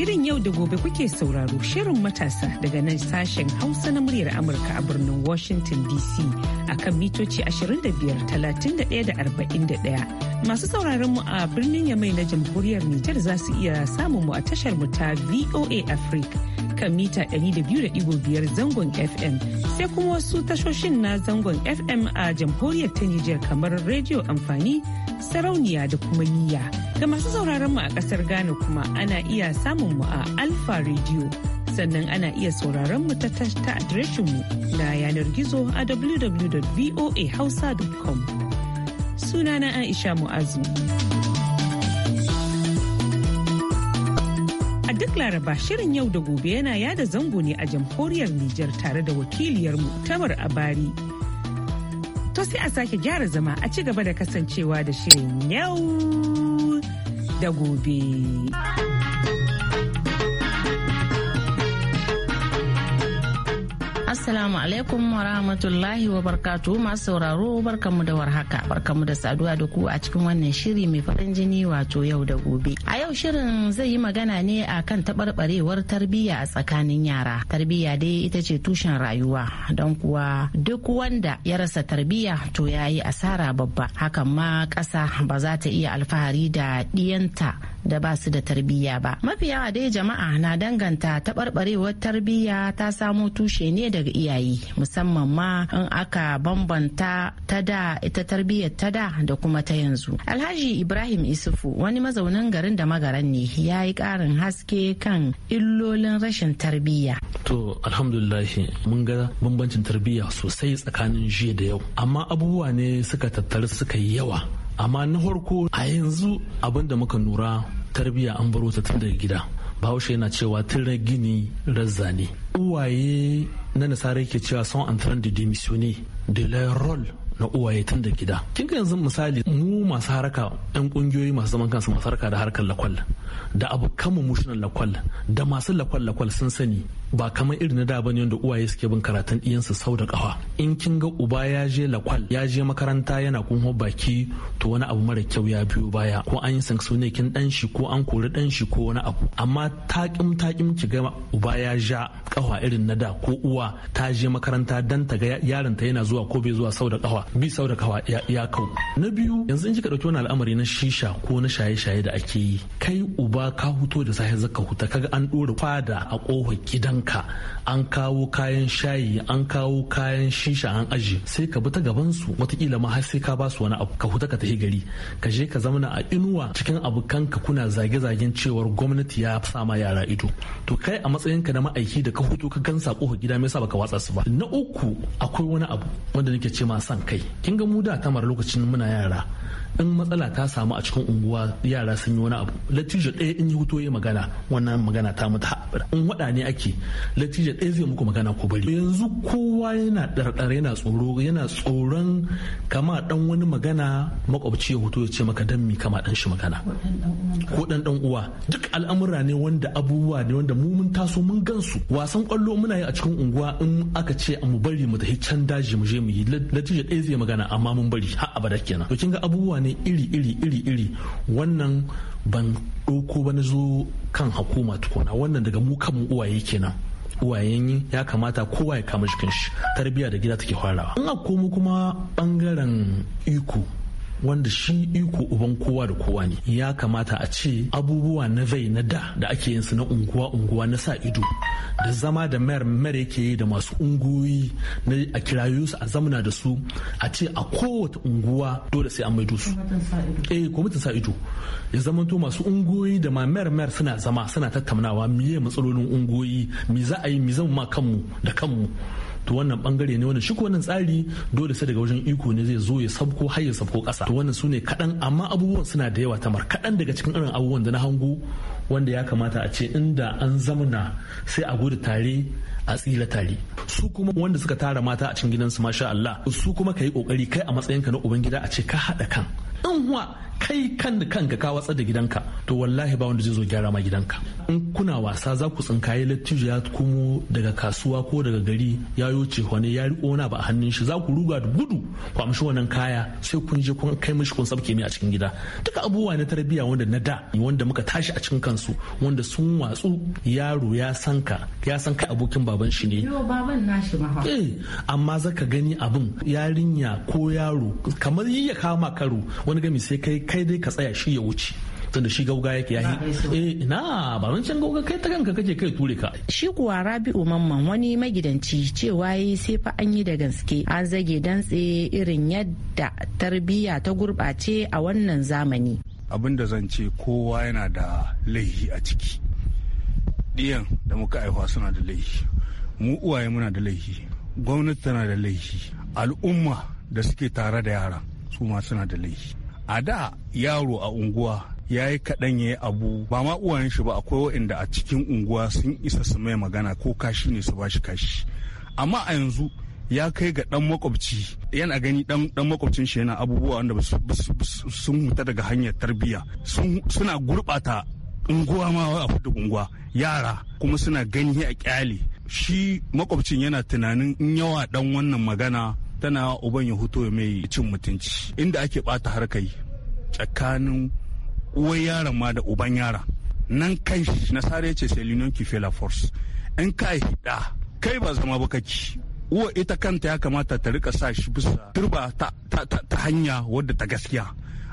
Shirin yau da gobe kuke sauraro shirin matasa daga nan sashen Hausa na muryar Amurka a birnin Washington DC a kan mitoci 25 31 Masu sauraron mu a birnin Yamai na jamhuriyar Nijar za su iya samun mu a tashar mu ta VOA Africa. kan mita 200.5 zangon FM sai kuma wasu tashoshin na zangon FM a jamhuriyar ta Nijar kamar rediyo amfani sarauniya da kuma niyya. Ga masu sauraron mu a kasar Ghana kuma ana iya samun mu a alpha Radio. Sannan ana iya sauraron mu ta adireshin mu na yanar gizo a www.voahausa.com. Sunana Aisha Mu'azu. duk laraba shirin yau da gobe yana yada zango ne a jamhuriyar Nijar tare da wakiliyarmu Tamar Abari. To sai a sake gyara zama a ci gaba da kasancewa da shirin yau da gobe. Assalamu alaikum wa rahmatullahi wa barkatu masu sauraro barkamu da warhaka barkamu da saduwa da ku a cikin wannan shiri mai farin jini wato yau da gobe. A yau shirin zai yi magana ne akan kan taɓarɓarewar tarbiyya a tsakanin yara. Tarbiyya dai ita ce tushen rayuwa don kuwa duk wanda ya rasa tarbiyya to ya yi asara babba. Hakan ma ƙasa ba za ta iya alfahari da ɗiyanta da ba su da tarbiyya ba mafi yawa dai jama'a na danganta taɓarɓarewar tarbiyya ta samo tushe ne daga iyaye musamman ma in aka bambanta ta da ita tarbiyyar ta da da kuma ta yanzu alhaji ibrahim isufu wani mazaunin garin da magaran ne ya yi ƙarin haske kan illolin rashin tarbiyya to alhamdulillah mun ga bambancin tarbiyya sosai tsakanin jiya da yau amma abubuwa ne suka tattara suka yi yawa amma na farko a yanzu abin da muka nura tarbiyya an baro ta tun daga gida bahaushe yana cewa tun gini razza ne uwaye na nasarar ke cewa son an da da demisioni de leur na uwaye tun da gida kin ga yanzu misali mu masu haraka yan kungiyoyi masu zaman kansu masu haraka da harkar lakwal da abokan kama mushinan lakwal da masu lakwal lakwal sun sani ba kamar irin na da bane wanda uwaye suke bin karatun ɗiyansu sau da ƙafa in kin ga uba ya je lakwal ya je makaranta yana kunho baki to wani abu mara kyau ya biyo baya ko an yi ne kin dan shi ko an kori dan shi ko wani abu amma takim takim ki ga uba ya ja ƙafa irin na da ko uwa ta je makaranta dan ta ga yaron ta yana zuwa ko bai zuwa sau da ƙafa bi sau da ƙafa ya kau na biyu yanzu in kika ɗauki wani al'amari na shisha ko na shaye-shaye da ake yi kai uba ka huto da safe zaka huta kaga an ɗora fada a ƙofar gidan gabanka an kawo kayan shayi an kawo kayan shisha an aji sai ka bi ta gaban su watakila ma har sai ka ba su wani abu ka huta ka tafi gari ka je ka zamana a inuwa cikin abokanka kuna zage-zagen cewar gwamnati ya sa ma yara ido to kai a matsayin ka na ma'aiki da ka hutu ka gan sako gida me yasa baka watsa su ba na uku akwai wani abu wanda nake ce ma san kai kin ga mu da kamar lokacin muna yara in matsala ta samu a cikin unguwa yara sun yi wani abu latija ɗaya in yi hoto ya magana wannan magana ta mutu in waɗa ne ake latija ɗaya zai muku magana ko bari yanzu kowa yana ɗarɗar yana tsoro yana tsoron kama ɗan wani magana makwabci ya hoto ya ce maka dan mi kama ɗan shi magana ko ɗan ɗan uwa duk al'amura ne wanda abubuwa ne wanda mu mun taso mun gansu wasan ƙwallo muna yi a cikin unguwa in aka ce mu bari mu tafi can daji mu je mu yi latijo ɗaya zai magana amma mun bari har abada kenan to kin ga abubuwa ne bayanai iri-iri iri-iri wannan ban ɗauko ba na zo kan hukuma tukuna wannan daga mu kan uwaye kenan uwayen ya kamata kowa ya kama shi tarbiyya da gida take farawa in akomo kuma bangaren iko wanda shi iko uban kowa da kowa ne ya kamata a ce abubuwa na zai na da da ake yin su na unguwa unguwa na sa ido da zama da mayar mayar yake yi da masu unguwoyi na a kirayo su a zamana da su a ce a kowace unguwa dole sai an maido su eh kwamitin sa ido ya zama to masu unguwoyi da ma mayar mayar suna zama suna tattaunawa miye matsalolin unguwoyi mi za a yi mi zama ma kanmu da kanmu to wannan bangare ne wanda shi ko wannan tsari dole sai daga wajen iko ne zai zo ya sabko har ya sabko kasa to wannan sune kadan amma abubuwan suna da yawa tamar kadan daga cikin irin abubuwan da na hango wanda ya kamata a ce inda an zamuna sai a gudu tare a tsila tare su kuma wanda suka tara mata a cikin gidansu masha Allah su kuma ka yi kokari kai a matsayinka na uban gida a ce ka haɗa kan in huwa kai kan da kanka ka watsar da gidanka to wallahi ba wanda zai zo gyara ma gidanka in kuna wasa za ku tsinkaye lattijo ya kumo daga kasuwa ko daga gari ya yo cehwane ya riƙona ba a hannun shi za ku ruga da gudu ku amshi wannan kaya sai kun je kun kai mishi kun sabke mai a cikin gida duka abubuwa na tarbiyya wanda na da wanda muka tashi a cikin kansu wanda sun watsu yaro ya san ka ya san kai abokin baban shi ne baban nashi eh amma zaka gani abin yarinya ko yaro kamar yi ya kama karo wani gami sai kai kai dai ka tsaya shi ya wuce tunda shi gauga yake yahi eh na ba wancan gauga kai ta kanka kake kai ture ka shi kuwa Rabi'u Mamman wani magidanci cewa yi sai fa an yi da gaske an zage dantse irin yadda tarbiyya ta gurbace a wannan zamani abin da zan ce kowa yana da laihi a ciki ɗiyan da muka aihuwa suna da laihi mu uwaye muna da laihi gwamnati tana da laihi al'umma da suke tare da yara su ma suna da laihi a da yaro a unguwa ya yi kaɗan ya yi abu ba ma uwayen shi ba akwai waɗanda a cikin unguwa sun isa su mai magana ko kashi ne su ba shi kashi amma a yanzu ya kai ga dan makwabci yana gani dan dan makwabcin shi yana abubuwa wanda sun huta daga hanyar tarbiyya suna gurbata unguwa ma a fudu unguwa yara kuma suna gani a kyale shi makwabcin yana tunanin in yawa dan wannan magana tana uban ya huto mai cin mutunci inda ake bata harkai tsakanin uwar yaran ma da uban yara nan kan shi nasara ya ce selinon kife force in ka hida kai ba zama ba kake uwa ita kanta ya kamata ta rika sa shi bisa turba ta, hanya wadda ta gaskiya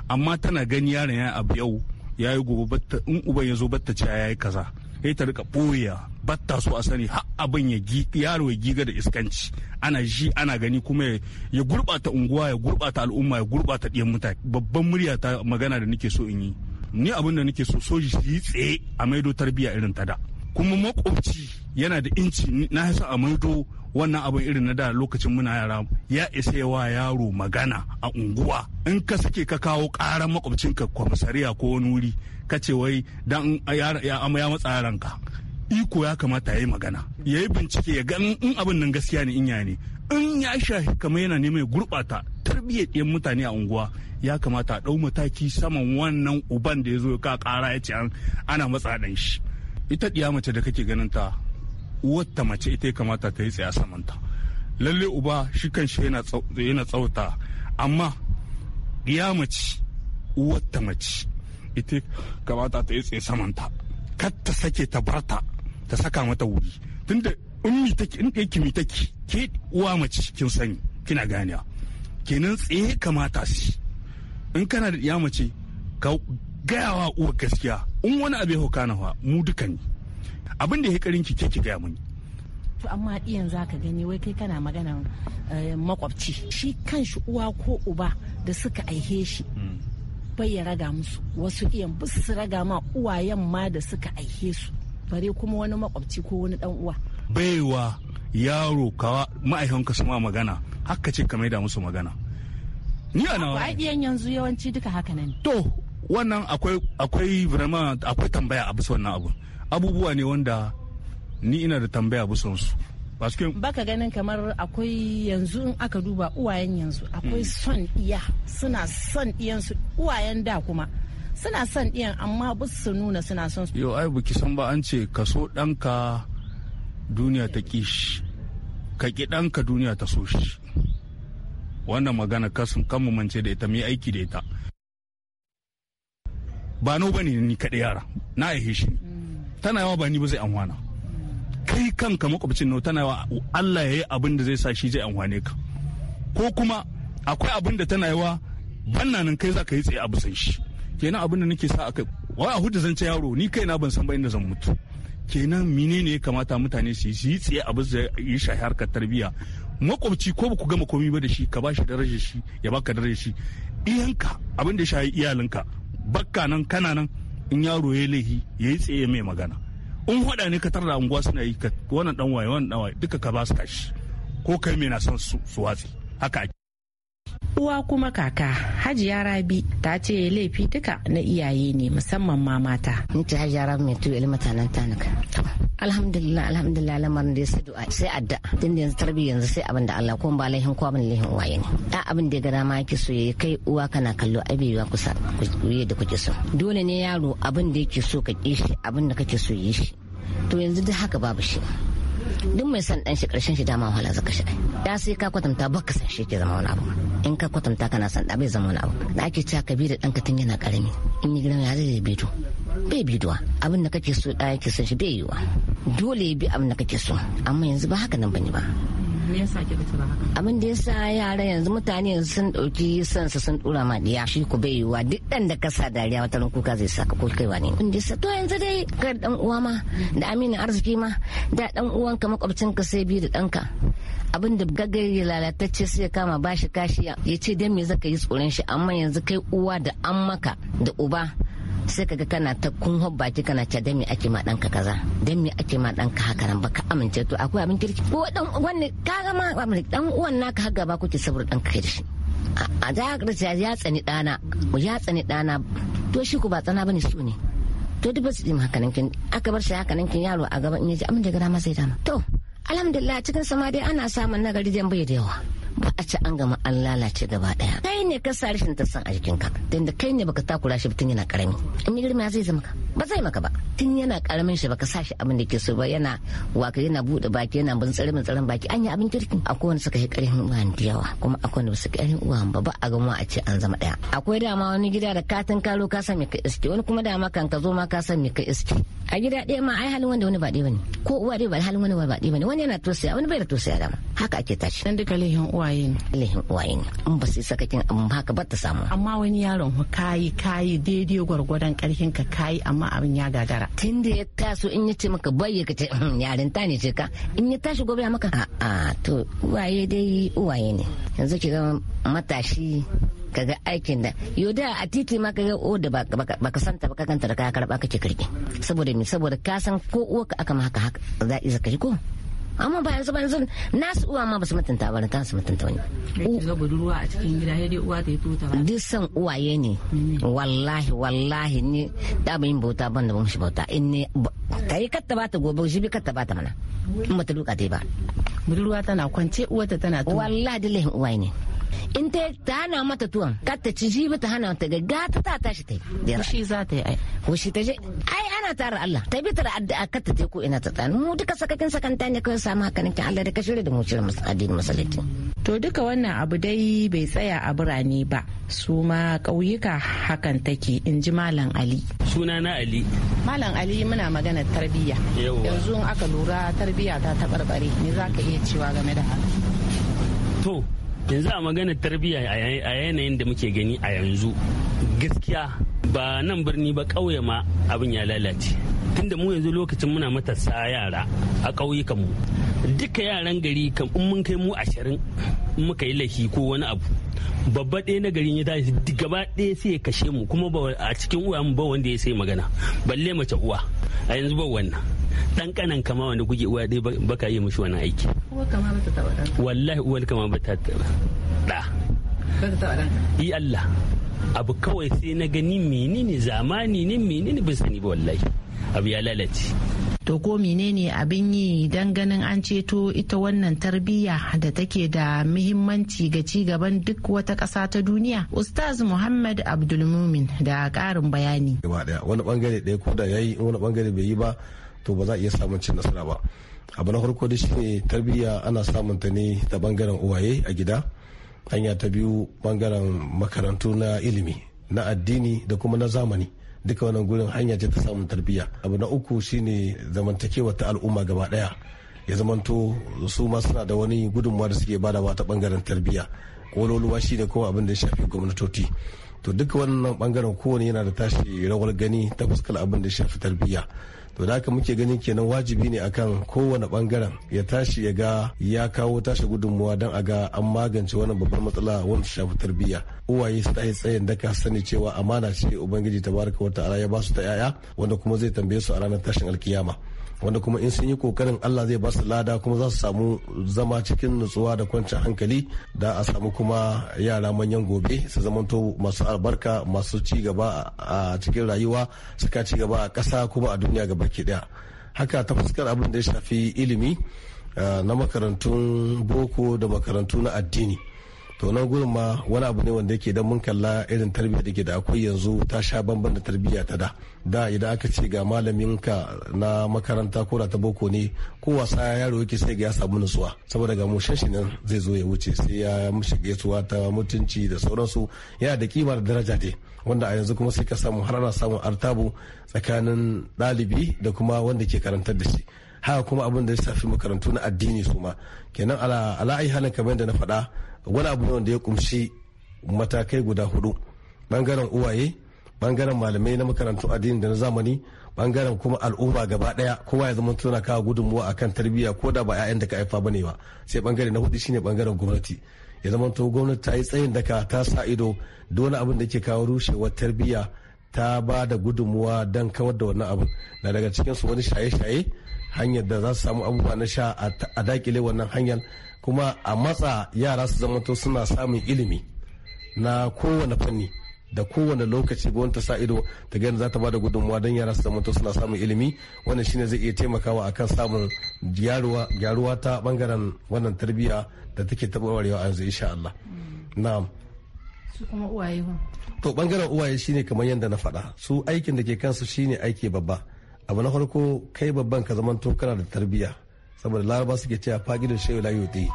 amma tana gani yaron ya abu yau ya yi gobe in uban ya zo batta ce ya yi kaza sai ta rika boya batta so a sani har abin ya yaro ya giga da iskanci ana ji ana gani kuma ya gurɓata unguwa ya gurɓata al'umma ya gurɓata ɗiyan mutane babban murya ta magana da nake so in yi ni abin da nake so soji shi yi tsaye a maido tarbiyya irin ta da kuma makwabci yana da inci na hasa a maido wannan abin irin na da lokacin muna yara ya isa wa yaro magana a unguwa in ka sake ka kawo ƙaran makwabcinka kwamisariya ko wani wuri ka ce wai dan ya matsa iko ya kamata ya yi magana ya yi bincike ya ga in abin nan gaskiya ne inya ne in ya shahi kamar yana neman ya gurɓata tarbiyyar yan mutane a unguwa ya kamata a ɗau mataki saman wannan uban da ya zo ka ƙara ya ce ana matsa ɗan shi ita ɗiya mace da kake ganin ta wata mace ita ya kamata ta yi tsaye samanta lalle uba shi kan shi yana tsauta amma ɗiya mace wata mace ita kamata ta yi tsaye samanta kar ta sake ta barta ta saka mata wuri tunda in take in ɗaya kimi take ke uwa mace kin sani kina ganiya kenan tsaye kamata shi in kana da ɗiya mace ka gayawa uwa gaskiya in wani abu ya hukana fa mu duka ne abin da ya karin ki ke ki gaya muni to amma iyan za ka gani wai kai kana magana eh, makwabci shi kanshi uwa ko uba da suka aihe shi bai ya raga musu wasu iyan ba su raga ma uwayen ma da suka aihe su bare kuma wani makwabci ko wani dan uwa baiwa yaro kawa ma'aikanka su ma magana haka ce ka maida musu magana ni a nawa yanzu yawanci duka haka nan to wannan akwai birama vraiment akwai tambaya a bisa wannan abu abubuwa ne wanda ni ina da tambaya a bisa su Baka ganin kamar akwai yanzu in aka duba uwayen yanzu akwai mm. son iya suna son iyansu uwayen da kuma suna son iyan amma ba su nuna suna son su. Yau ai buki san ba an ce kaso ɗanka duniya ta kishi ka ki ɗanka duniya ta so shi. wannan magana kasun kan mu mance da ita mu aiki da ita ba no bane ni kaɗai yara na aihe shi tana yawa ba ni ba zai amfana kai kanka makwabcin nawa tana yawa Allah ya yi abin da zai sa shi zai amfane ka ko kuma akwai abin da tana yawa banna nan kai za ka yi tsaye a busan shi kenan abin da nake sa akai wai a hudu zance yaro ni kai na ban san ba inda zan mutu kenan ne ya kamata mutane su yi tsaye a bisa yi shahi harkar tarbiyya makwabci ko baku gama komi ba da shi ka ba shi darajar shi ya baka darajar shi iyanka abin da shahi iyalinka bakka nan kana nan in yaro ya laifi ya yi tsaye mai magana in hada ne ka tarda unguwa suna yi ka wannan dan waye wannan dan waye duka ka ba su kashi ko kai mai na son su watsi haka uwa kuma kaka hajiya rabi ta ce laifi duka na iyaye ne musamman ma mata ni ce hajiya rabi mai tuyo ilmi tanan tanaka alhamdulillah alhamdulillah lamarin da ya sa du'a sai adda tun da yanzu tarbi yanzu sai abin da Allah ko ba laihin ko abin laihin waye ne da abin da ya ga dama yake so yayi kai uwa kana kallo abewa kusa da kuke so dole ne yaro abin da yake so ka ki shi abin da kake so yi shi to yanzu duk haka babu shi duk mai san dan shi karshen shi dama wahala zaka shi da sai ka kwatanta baka san shi ke zama wani abu in ka kwatanta kana san da bai zama wani abu da ake cewa ka bi da danka tun yana karami in yi girma ya zai bi to bai biduwa abin da kake so da yake son shi bai yiwa dole ya bi abin da kake so amma yanzu ba haka nan bane ba me yasa kika tura haka abin da yasa yara yanzu mutane yanzu sun dauki sansa sun dura ma diya shi ku bai yiwa duk dan da ka dariya wata ran kuka zai saka ko kai ne abin da yasa to yanzu dai ka dan uwa ma da amina arziki ma da dan uwanka makwabcinka sai bi da danka abin da gagari lalatacce sai ya kama bashi kashi ya ce dan me zaka yi tsoron shi amma yanzu kai uwa da an maka da uba sai kaga kana ta kun ki kana ce dan me ake ma danka kaza dan me ake ma danka haka nan baka amince to akwai abin kirki ko dan wanne kaga ma dan uwan naka har gaba kuke saboda danka kai da shi a za ya tsani dana ya tsani dana to shi ku ba tsana bane su ne to duk ba su dima haka nan kin aka bar shi haka nan kin yaro a gaban in yaji amin da gara ma sai dama to alhamdulillah cikin sama dai ana samun nagari zan bai da yawa ba a ci an gama an lalace gaba daya kai ne ka sa rashin tasan a jikin ka da kai ne baka takura shi tun yana karami in ni girma zai zama ka ba zai maka ba tun yana karamin shi baka sa shi abin da ke so ba yana waka yana bude baki yana bin tsare tsaren baki an yi abin kirki akwai wanda suka yi karfin uwa da yawa kuma akwai wanda suka yi uwan ba ba a gama a ce an zama daya akwai dama wani gida da katin karo ka san me ka iske wani kuma dama kan ka zo ma ka san me ka iske a gida ɗaya ma ai halin wanda wani ba ɗaya bane ko uwa ɗaya ba halin wani ba ɗaya bane wani yana tosaya wani bai da tosaya dama haka ake tashi dan duka lehin uwa uwaye ne lahin uwaye in ba su sakakin amma haka ba ta samu amma wani yaron kayi kayi daidai gwargwadon karfin ka kayi amma abin ya gagara tun da ya taso in ya ce maka bai ka ce hmm, yarin ta ne ce ka in ya tashi gobe ya maka a'a to waye dai uwaye ne yanzu ki ga matashi kaga aikin da yau da a titi ma kaga o da baka santa baka kanta da kaya karba kake kirki saboda me saboda ka san ko uwa ka aka maka haka haka za ka ji ko amma ba yanzu ba yanzu nasu uwa ma basu mutunta ba ta su mutunta wani ga budurwa a cikin gida ya dai uwa ta yi tuta ba duk san uwaye ne wallahi wallahi ni da ba yin bauta ban da ban shi bauta in ne yi katta ba ta gobe shi bi katta ba ta mana in ba ta luka dai ba budurwa tana kwance uwarta tana tuwa wallahi dillahin uwaye ne in ta hana mata tuwon kar ta ci jibi ta hana ta ga ta ta tashi ta yi shi za ta yi ai hushi ta je ai ana tara Allah ta bi ta da addu'a kar ta ko ina ta tsani mu duka sakakin sakanta ne kawai samu haka nake Allah da ka shirya da mu shirya addinin musulunci to duka wannan abu dai bai tsaya a birane ba su ma ƙauyuka hakan take in ji malam ali suna na ali malam ali muna magana tarbiyya yanzu in aka lura tarbiyya ta taɓarɓare ne za ka iya cewa game da haka to yanzu a magana tarbiyya a yanayin da muke gani a yanzu gaskiya ba nan birni ba kauye ma abin ya lalace tunda mu yanzu lokacin muna matasa yara a mu. duka yaran gari kan in mun kai mu ashirin muka yi laifi ko wani abu babba ɗaya na garin ya tashi gaba ɗaya sai ya kashe mu kuma a cikin uwa mu ba wanda ya sai magana balle mace uwa a yanzu ba wannan dan kanan kama wanda kuke uwa dai baka yi mushi wani aiki wallahi uwar kama ba ta taba da yi Allah abu kawai sai na gani menene zamani ne menene bin sani ba wallahi abu ya lalace to ko menene abin yi dan ganin an ceto ita wannan tarbiyya da take da muhimmanci ga ci gaban duk wata ƙasa ta duniya ustaz muhammad abdulmumin da ƙarin bayani wani bangare ɗaya ko da yayi wani bangare bai yi ba to ba za a iya samun cin nasara ba abu na farko da shine tarbiyya ana samun ta ne ta bangaren uwaye a gida hanya ta biyu bangaren makarantu na ilimi na addini da kuma na zamani duka wannan gurin hanya ce ta samun tarbiyya abu na uku shine zamantakewa ta al'umma gaba daya ya zamanto su ma suna da wani gudunmawa da suke badawa ta bangaren tarbiyya kololuwa da kuma abin da ya shafi gwamnatoci to duka wannan bangaren kowane yana da tashi rawar gani ta fuskar abin da ya shafi tarbiyya to da haka muke ganin kenan wajibi ne akan kowane bangaren ya tashi ya ga ya kawo tashi gudunmuwa don a ga an magance wannan babbar matsala wanda shafi tarbiyya uwaye su tsaye tsayin da ka sani cewa amana ce ubangiji tabaraka wata ala ya ba su ta yaya wanda kuma zai tambaye su a ranar tashin alkiyama wanda kuma in sun yi kokarin Allah zai ba su lada kuma za su samu zama cikin nutsuwa da kwanciyar hankali da a samu kuma yara manyan gobe su zamanto masu albarka masu ci gaba a cikin rayuwa suka ci gaba a ƙasa kuma a duniya ga baki daya haka ta fuskar abin da ya shafi ilimi eh, na makarantun boko da makarantu na addini to nan gurin ma wani abu ne wanda yake idan mun kalla irin tarbiyya da ke da akwai yanzu ta sha bamban da tarbiyya ta da da idan aka ce ga malamin ka na makaranta ko ta boko ne ko wasa yaro yake sai ga ya samu nutsuwa saboda ga mushin nan zai zo ya wuce sai ya mishi gaisuwa ta mutunci da sauransu yana da kimar daraja ne wanda a yanzu kuma sai ka samu har ana samun artabu tsakanin ɗalibi da kuma wanda ke karantar da shi haka kuma abin da ya shafi makarantu na addini su ma kenan ala halin kamar da na faɗa wani abu ne wanda ya kumshi matakai guda hudu bangaren uwaye bangaren malamai na makarantun addini da na zamani bangaren kuma al'umma gaba daya kowa ya zama tuna kawo gudunmuwa akan tarbiyya ko da ba 'ya'yan da ka haifa ba ne ba sai bangare na hudu shine bangaren gwamnati ya zama to gwamnati ta yi tsayin daka ta sa ido da wani abin da ke kawo rushewar tarbiyya ta ba da gudunmuwa don kawar da wannan abin na daga cikinsu wani shaye-shaye hanyar da za su samu abubuwa na sha a dakile wannan hanyar kuma a matsa yara su to suna samun ilimi na kowane fanni da kowane lokaci gwamnati sa ido ta gani za ta bada gudunmuwa don yara su to suna samun ilimi wannan shine zai iya taimakawa akan samun gyaruwa ta bangaren wannan tarbiyya da take taɓa a yanzu insha Allah na'am su kuma uwaye to bangaren uwaye shine kamar yadda na faɗa su aikin da ke kansu shine aiki babba abu na farko kai babban ka zaman to kana da tarbiyya saboda laraba suke cewa fagidin shehu la yuti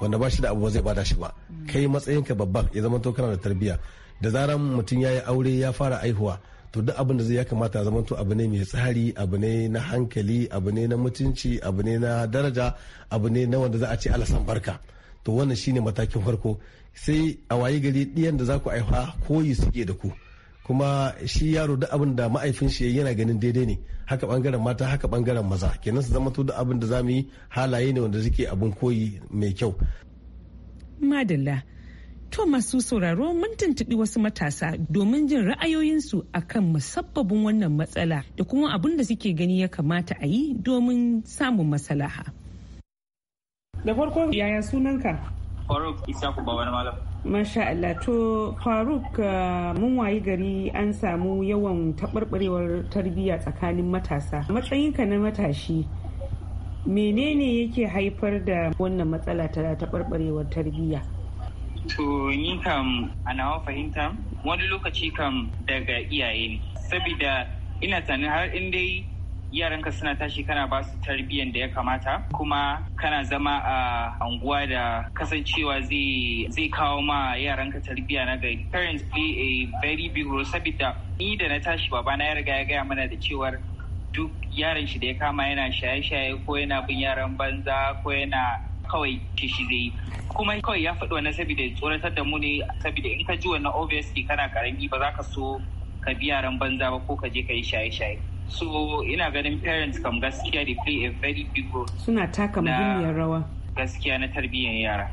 wanda ba shi da abu zai bada shi ba kai matsayin ka babban ya zaman to kana da tarbiyya da zaran mutum ya yi aure ya fara aihuwa to duk abin da zai ya kamata ya zamanto abu ne mai tsari abu ne na hankali abu ne na mutunci abu ne na daraja abu ne na wanda za a ce alasan barka to wannan shine matakin farko sai a wayi gari ɗiyan da za ku aihuwa koyi suke da ku kuma shi yaro duk abin da ma'aifin shi yana ganin daidai ne haka bangaren mata haka bangaren maza kenan su zama duk abin da za mu yi halaye ne wanda suke abin koyi mai kyau madalla to masu sauraro mun tuntuɓi wasu matasa domin jin ra'ayoyinsu akan musabbabin wannan matsala da kuma abin da suke gani ya kamata a yi domin samun masalaha da farko yaya sunanka faruk isa ku babar malam Masha Allah to Faruk uh, mun wayi gari an samu yawan taɓarɓarewar tarbiyya tsakanin matasa. Matsayinka na matashi menene yake haifar da wannan matsala ta taɓarɓarewar tarbiyya? To ni kam ana fahimta wani lokaci kam daga iyaye ne. Sabida ina tsanin har in dai yaranka suna tashi kana ba su tarbiyyar da ya kamata kuma kana zama a anguwa da kasancewa zai kawo ma yaranka tarbiyya na gari parents play a very big role saboda ni da na tashi babana ya riga ya gaya mana da cewar duk yaron shi da ya kama yana shaye-shaye ko yana bin yaran banza ko yana kawai shi zai yi kuma kawai ya faɗi wannan saboda tsoratar da mu ne saboda in ka ji wannan obviously kana karami ba za ka so ka bi yaran banza ba ko ka je ka yi shaye-shaye so ina ganin parents kam gaskiya they play a very big role suna taka muhimmiyar rawa gaskiya na tarbiyyar yara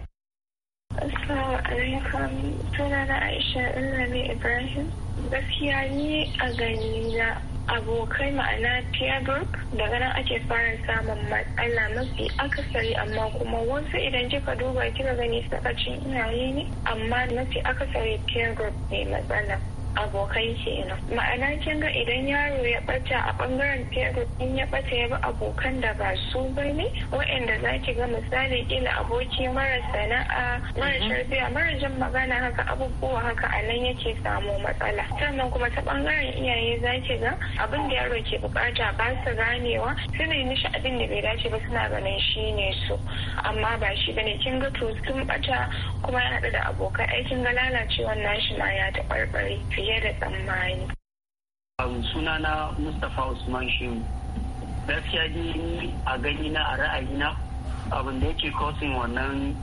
Assalamu alaikum suna na Aisha ina ne Ibrahim gaskiya ni a gani na abokai ma'ana peer group daga nan ake fara samun matsala mafi akasari amma kuma wasu idan kika duba kika gani sakacin yi ne amma mafi akasari peer group ne matsala abokai kenan ma'ana kin ga idan yaro ya ɓata a ɓangaren fiye in ya ɓata ya bi abokan da ba su ba bane waɗanda za ki ga misali kila aboki mara sana'a mara sharbiya mhm. mara jin magana haka abubuwa haka a nan yake samu matsala sannan kuma ta ɓangaren iyaye za ki ga abin da yaro ke bukata ba su ganewa su ne mishi abin da bai dace ba suna ganin shi ne su amma ba shi ne kin ga to sun ɓata kuma ya haɗu da abokai aikin ga lalacewan nashi ma ya taɓarɓare fiye da tsammani. sunana mustapha usman shehu gaskiya ni a gani na a ra'ayina abin da yake kosin wannan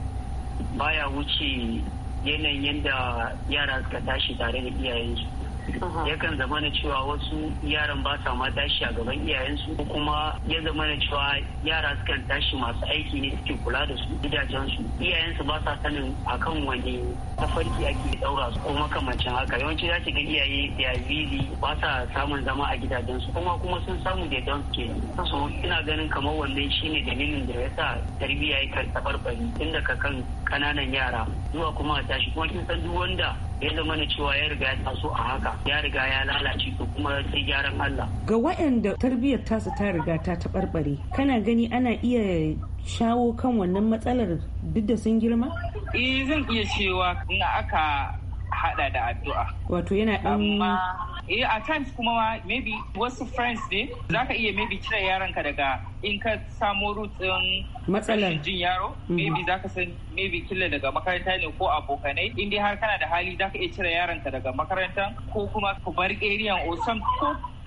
baya wuce yanayin yadda yara suka tashi tare da iyayensu yakan zama na cewa wasu yaran ba sa ma tashi a gaban iyayensu kuma ya zama na cewa yara sukan tashi masu aiki ne suke kula da su gidajensu iyayensu ba sa sanin akan wani tafarki ake daura su kuma kamancin haka yawanci za ki ga iyaye da bizi ba sa samun zama a gidajensu kuma kuma sun samu da don ke so ina ganin kamar wannan shine dalilin da ya sa tarbiyya ya tabarbari tun daga kan kananan yara zuwa kuma a tashi kuma kin san duk wanda ya zama na cewa ya riga ya taso a haka ya riga ya lalace to kuma sai gyaran Allah. Ga waɗanda tarbiyyar tasu ta riga ta taɓarɓare kana gani ana iya shawo kan wannan matsalar duk da sun girma? Eh zan iya cewa na aka hada da addu'a. Wato yana ɗan eh a times kuma maybe wasu friends ne zaka iya maybe cire ka daga in ka samo root in matsalar jin yaro mm-hmm. maybe ka san maybe killa daga makaranta ne ko abokanai in dai har kana da hali zaka iya cire yaranka daga makarantan ko kuma ku bar area or some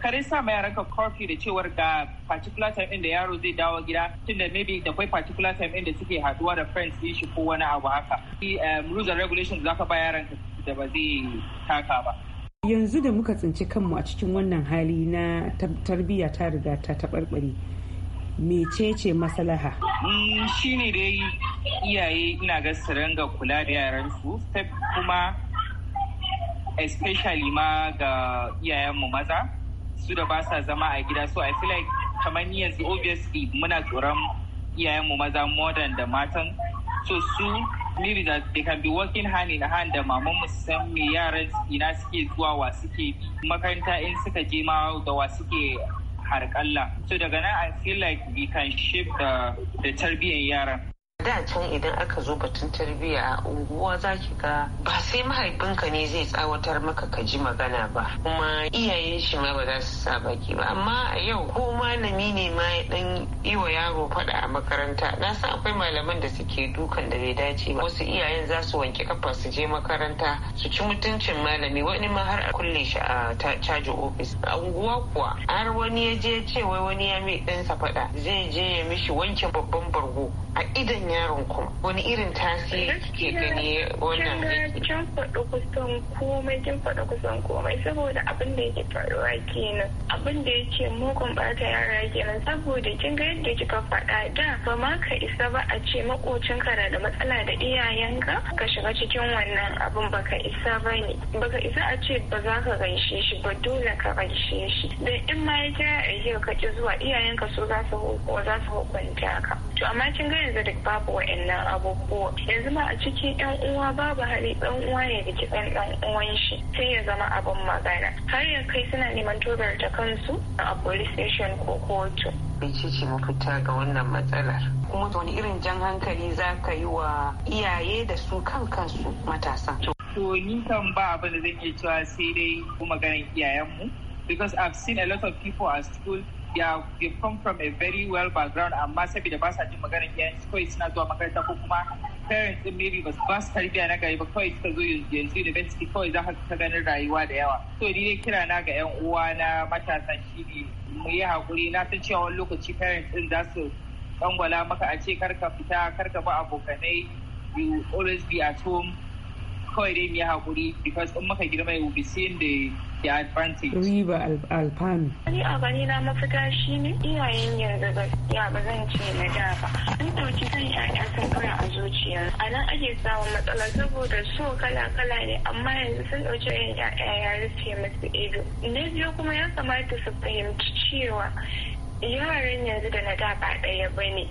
kare sa ma yaranka coffee da cewar ga particular time inda yaro zai dawo gida tunda maybe da kwai particular time inda suke haduwa da friends din shi ko wani abu haka um, rules and regulations zaka ba yaranka da ba zai taka ba yanzu da muka tsinci kanmu a cikin wannan hali na tarbiyya ta riga ta taɓarɓare mecece maslaha mm, shi ne dai iyaye ina ga su ringa kula da yaransu kuma especially ma ga iyayenmu maza su da ba sa zama a gida so i feel like kamar ni yanzu obviously muna tsoron iyayenmu maza more than da matan so su clearly that they can be working hand in hand da maman mu san me yaran ina suke zuwa wa suke makaranta in suka je ma da wa suke harƙalla. So daga nan I feel like we can shape the, the tarbiyyar yaran. da can idan aka zo batun tarbiyya a unguwa za ki ga ba sai mahaifinka ne zai tsawatar maka ka ji magana ba kuma iyayen shi ma ba za su sa baki ba amma a yau ko malami ne ma ya dan yi wa yaro faɗa a makaranta na san akwai malaman da suke dukan da bai dace ba wasu iyayen za su wanke kafa su je makaranta su ci mutuncin malami wani ma har a kulle shi a caji ofis a unguwa kuwa har wani ya je ce wai wani ya mai ɗansa faɗa zai je ya mishi wanke babban bargo a idan yaron kuma wani irin tasiri ke gani wannan kin faɗa kusan komai kin faɗi kusan komai saboda abin da yake faruwa kenan abin da yake mugun ɓata yara kenan saboda kin ga yadda kika faɗa da ba ma ka isa ba a ce makocinka na da matsala da iyayenka ka shiga cikin wannan abin baka isa ba ne baka isa a ce ba za ka gaishe shi ba dole ka gaishe shi dan in ma ya kira ka ki zuwa iyayenka su za su hukunta ka to amma kin ga yanzu da babu wa'annan abubuwa yanzu ma a cikin yan uwa babu hali dan uwa ne da kitsan dan uwan shi sai ya zama abin magana har ya kai suna neman tobar ta kansu a police station ko kotu ce mafita ga wannan matsalar kuma wani irin jan hankali za ka yi wa iyaye da su kan kansu matasan to ni kan ba abin da zan iya cewa sai dai maganar iyayenmu because I've seen a lot of people at school ya they come from a very well background amma saboda ba sa jin maganar iyayen kawai suna zuwa makaranta ko kuma parents din maybe ba ba su tarbiyya na gari ba kawai suka zo yanzu university kawai za ka ganin rayuwa da yawa to ni dai kira na ga yan uwa na matasa ne mu yi hakuri na san cewa wani lokaci parents din za su dangwala maka a ce karka fita karka ba abokanai you always be at home kawai dai mu yi hakuri because in muka girma we be the the advantage. Riba alfanu. Ni a gani na mafita shi ne iyayen yanzu gaskiya ba zan ce na da ba. An ɗauki kan yaya sun fara a zuciya. A nan ake samun matsala saboda so kala-kala ne amma yanzu sun ɗauki yaya ya rufe musu ido. Na biyu kuma ya kamata su fahimci cewa yaran yanzu da na da ba ɗaya ba ne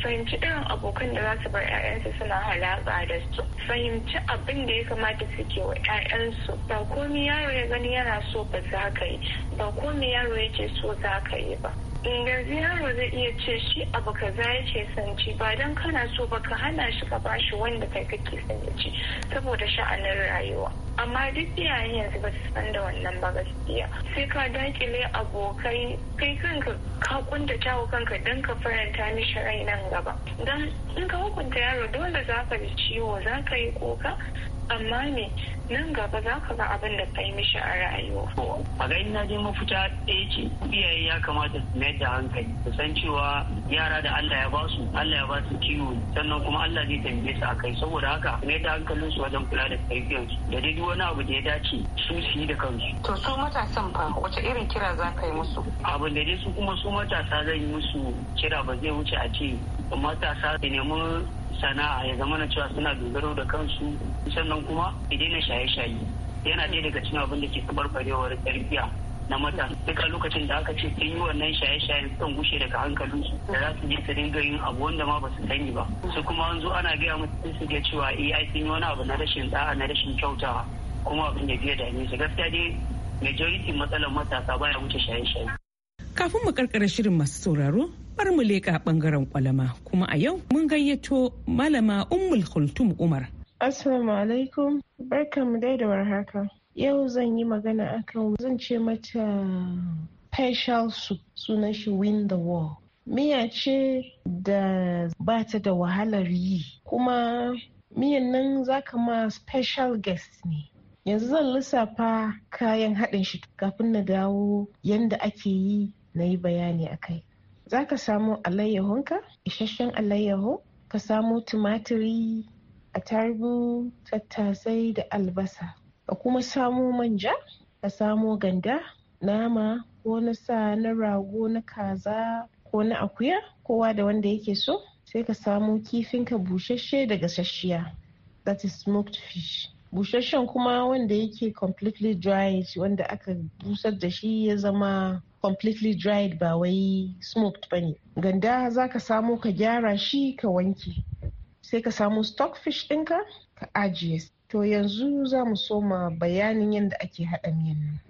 fahimci irin abokan da za su bar 'ya'yansu suna halaba da su fahimci abin da ya kamata suke wa 'ya'yansu ba komi yaro ya gani yana so ba za ka yi ba komi yaro yake so za ka yi ba yanzu yaro zai iya ce shi abu za ya ce san ci ba don kana so ba ka hana shi ka bashi wanda kai kake son ya ci saboda sha'anin rayuwa amma duk iyayen yanzu ba su san da wannan ba gaskiya sai ka dakile abokai kai kanka ka kunta tawo kanka don ka faranta mishi rai nan gaba don in ka hukunta yaro dole za ka ji ciwo za ka yi kuka amma ne nan gaba za ka ga abin da ka yi mishi a rayuwa. a ga na je mafita ɗaya ce iyaye ya kamata su mayar da hankali su san cewa yara da Allah ya ba su Allah ya ba su kiwo sannan kuma Allah zai tambaye su a kai saboda haka mayar da hankalin su wajen kula da tarbiyyar su da dai wani abu da ya dace su su yi da kansu. to su matasan fa wace irin kira za ka yi musu. abin da dai su kuma su matasa zan yi musu kira ba zai wuce a ce matasa su nemi sana'a ya zama na cewa suna dogaro da kansu sannan kuma idan na shaye-shaye yana ɗaya daga cikin abin da ke tabarbarewar tarbiyya na mata duka lokacin da aka ce sun yi wannan shaye-shayen sun gushe daga su da za su je su dinga yin abu wanda ma ba su sani ba su kuma an zo ana gaya musu su ga cewa eh ai sun yi wani abu na rashin da'a na rashin kyauta kuma abin ya biya dame su gaskiya dai majority matsalar matasa baya wuce shaye-shaye kafin mu karkara shirin masu sauraro bar mu leƙa ɓangaren kwalama kuma a yau mun gayyato malama ummul khultum umar assalamu alaikum barkanmu dai da warhaka yau zan yi magana akan zan ce mata facial soup sunan shi win the war miya ce da ba ta da wahalar yi kuma miyan nan za ka ma special guest ne yanzu zan lissafa kayan haɗin shi kafin na dawo yadda ake yi na yi bayani a kai za ka samo alayyahunka isasshen alayyahu ka samo tumatiri a attarugu tattasai da albasa ka kuma samo manja ka samo ganda nama ko na sa na rago na kaza ko na akuya kowa da wanda yake so sai ka samo kifinka busasshe daga gasasshiya that is smoked fish busasshen kuma wanda yake completely dried wanda aka busar da shi ya zama completely dried ba wai smoked ba ne ganda za ka samo ka gyara shi ka wanke sai ka samo stockfish ɗinka ka ajiye to yanzu za mu soma bayanin yadda ake haɗa miyan nan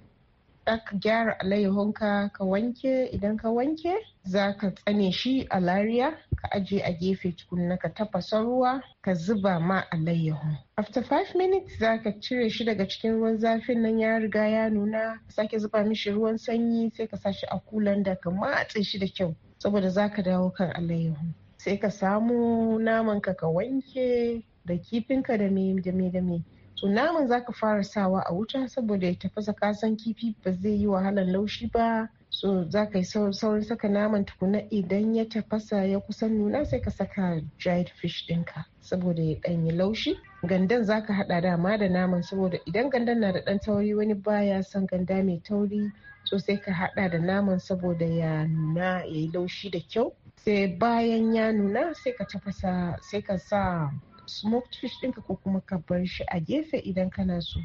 ka gyara alayyahunka ka wanke idan ka wanke za ka tsane shi a lariya ka aje a gefe tukunna ka tafasa ruwa ka zuba ma alayyahu after five minutes za ka cire shi daga cikin ruwan zafin nan ya riga ya nuna sake zuba mishi ruwan sanyi sai ka sa shi a kulan da ka matse shi da kyau saboda za ka dawo kan alayyahu sai ka samu naman ka ka wanke da kifinka da me da me da me to naman zaka fara sawa a wuta saboda ya tafasa kasan kifi ba zai yi wahalar laushi ba so za ka yi saurin saka naman tukuna idan ya tafasa ya kusan nuna sai ka saka dried fish dinka saboda ya ɗanyi laushi gandan za ka haɗa dama da naman saboda idan gandan na da ɗan tauri wani baya son ganda mai tauri so sai ka haɗa da naman saboda ya nuna ya yi laushi da kyau sai bayan ya nuna sai ka tafasa sai ka sa smoked fish ɗinka ko kuma ka bar shi a gefe idan kana so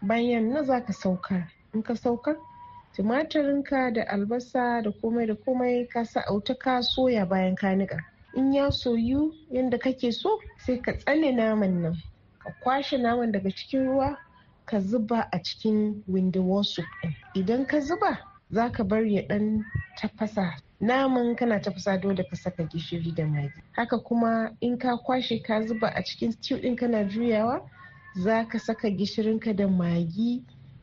bayan na za ka sauka in ka sauka tumatirinka da albasa da komai da komai ka sa auta ka soya bayan ka niƙa in ya soyu yadda kake so sai ka tsane naman nan ka kwashe naman daga cikin ruwa ka zuba a cikin window soup idan ka zuba za ka bar ya ɗan tafasa naman kana tafasa dole ka saka gishiri da magi haka kuma in ka kwashe ka zuba a cikin stew din kana juyawa za ka saka ka da magi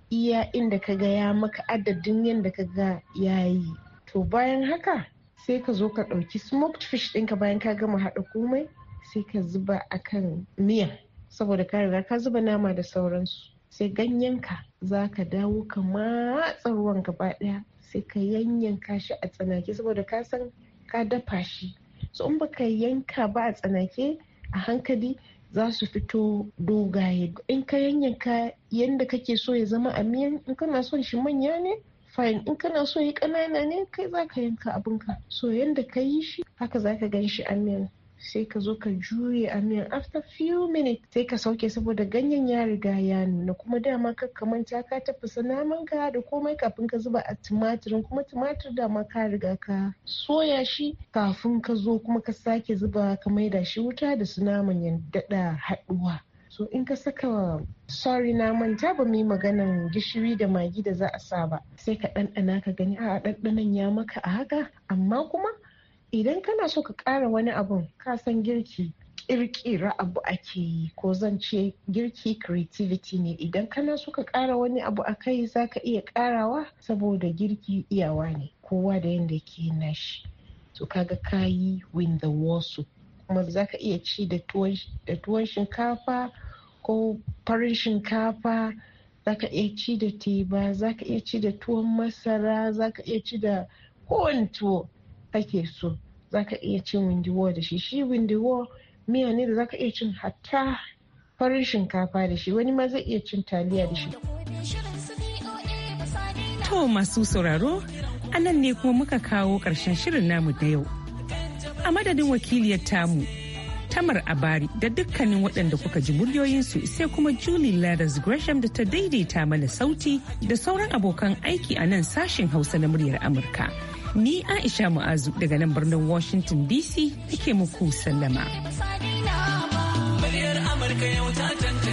iya inda ka ga ya maka adadin yadda ka ga ya yi to bayan haka sai ka zo ka ɗauki smoked fish ɗinka bayan ka gama haɗa komai sai ka zuba a kan miya saboda ka riga ka zuba nama da sauransu sai ganyenka za ka dawo ka matsa ruwan gaba ɗaya sai ka yanyanka shi a tsanake saboda ka san ka dafa shi so in baka yanka ba a tsanake a hankali za su fito dogaye in ka yanyanka yadda kake so ya zama a miyan in kana son shi manya ne fine in kana so yi ƙanana ne kai za ka yanka abinka so yadda ka yi shi haka za ka gan shi a miyan sai ka zo ka juye a miyan after few minutes sai ka sauke saboda ganyen ya riga ya nuna kuma dama ka manta ka tafasa naman ka da komai kafin ka zuba a tumatirin kuma tumatir dama ka riga ka soya shi kafin ka zo kuma ka sake zuba ka maida shi wuta da su naman ya daɗa haɗuwa so in ka saka sorry na manta ba mu maganan gishiri da magi da za a sa ba sai ka ɗanɗana ka gani a ɗanɗanan ya maka a haka amma kuma idan kana so ka ƙara wani abun ka san girki kirkira abu ake yi ko zan ce girki creativity ne idan kana so ka ƙara wani abu a kai za ka iya ƙarawa saboda girki iyawa ne kowa da yadda ke nashi to kaga kayi win the wasu kuma za ka iya ci da tuwon shinkafa ko farin shinkafa za ka iya ci da teba za ka iya ci da tuwon masara za ka iya ci da kowane tuwo ake so zaka iya cin windiwo da shi shi windiwo miya ne da zaka iya cin hatta farin shinkafa da shi wani ma zai iya cin taliya da shi to masu sauraro a nan ne kuma muka kawo ƙarshen shirin namu da yau a madadin wakiliyar tamu Tamar Abari da dukkanin waɗanda kuka ji muryoyinsu sai kuma Julie Ladders Gresham da ta daidaita mana sauti da sauran abokan aiki a nan sashen Hausa na muryar Amurka. Ni Aisha Mu'azu daga nan birnin Washington DC take muku sallama. Muryar Amurka yau ta